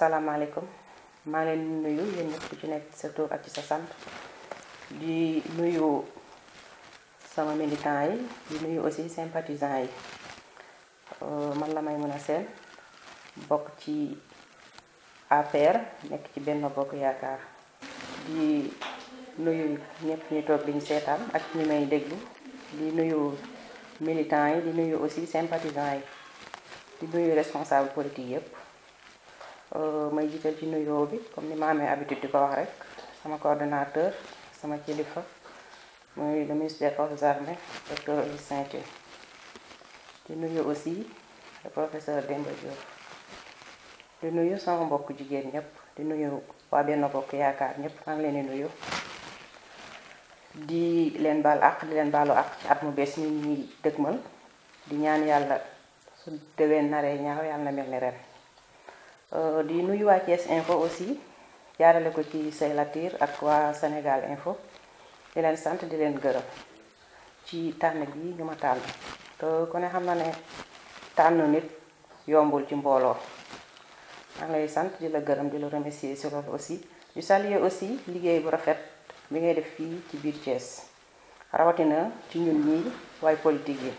alaikum alaikum. leen nuyu yéen ñëpp ci nekk sa ak ci sa sant di nuyu sama militants yi di nuyu aussi sympathisants yi euh, man la qui Sène bokk ci APR nekk ci Benno Bokk Yaakaar di nuyu ñëpp ñu toog di ñu seetaan ak ñi may déglu di nuyu militant yi di nuyu aussi sympathisant yi di responsable politique Euh, may jiital ci nuyoo bi comme ni ma amee habitude di ko wax rek sama coordonnateur sama kilifa muy le ministre des forces armées di nuyu aussi le professeur nuyu sama mbokk jigéen ñëpp di nuyu waa benn bokk yaakaar ñëpp maa ngi leen di nuyu di leen baal àq di leen baalu ak ci at mu bees mi ñuy dëgmal di ñaan yàlla su déween naree ñaaw yàlla na mel ni ren Euh, di nuyu wa ci info aussi jaarale ko ci say latir ak wa Sénégal info di len sante di len gërëm ci tan bi ñu ma tànn te ne xam na ne tan nit yombul ci mbolo ma ngi lay sant di la gërëm di la remercier sur loolu aussi di saluer aussi liguey bu rafet bi ngay def fi ci biir Thiès na ci ñun ñi way politique yi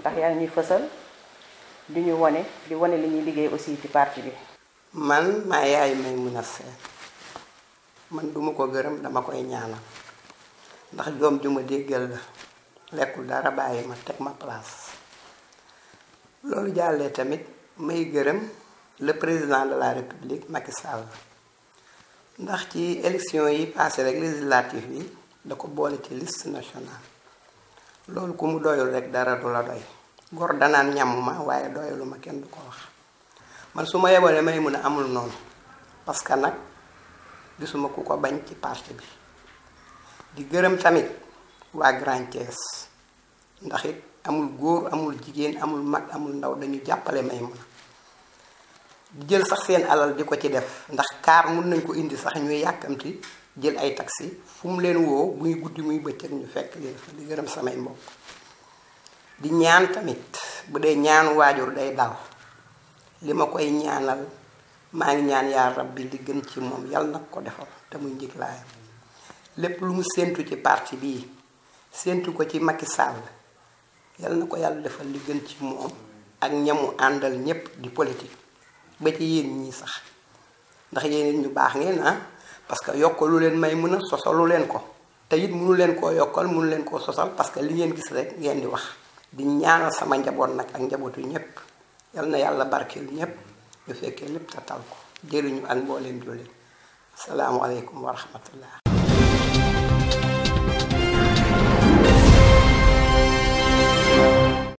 ndax yaa ngi ñuy fësal di ñu wone di wone li ñuy liggéey aussi ci parti bi. man maa yaay may mun a seet man duma ko gërëm dama koy ñaanal ndax doom ju ma déggal la lekkul dara bàyyi ma teg ma place loolu jàllee tamit may gërëm le président de la république Macky Sall ndax ci élection yi passé rek législative yi da ko boole ci list national loolu ku mu doyul rek dara du la doy. gor danaan ñàmm ma waaye doyalu ma kenn du ko wax man su ma may mun amul non. parce que nag gisuma ku ko bañ ci parti bi di gërëm tamit waa Grand thies ndax it amul góor amul jigéen amul mag amul ndaw dañu jàppale may mun di jël sax seen alal di ko ci def ndax kaar mun nañ ko indi sax ñuy yàkkamti jël ay taxi fu mu leen woo muy guddi muy bëccëg ñu fekk leen di gërëm samay mbokk di ñaan tamit bu dee ñaan waajur day daw li ma koy ñaanal maa ngi ñaan yaa rabbi li gën ci moom yàlla nag ko defal te muy laay lépp lu mu séentu ci parti bi, sentu ko ci Macky Sall yàlla na ko yàlla defal li gën ci moom ak ñamu àndal di politique ba ci yéen ñii sax ndax yéen ñu baax ngeen ah parce que yokkal lu leen may mën a sosalu leen ko te it mënu leen koo yokkal mënu leen koo sosal parce que li ngeen gis rek ngeen di wax di ñaanal sama njaboot nag ak njabootu ñépp yal na yàlla barkeel ñépp ñu fekkee lépp te ko jëriñu ak mbooleem jullit asalaamualeykum wa rahmatullah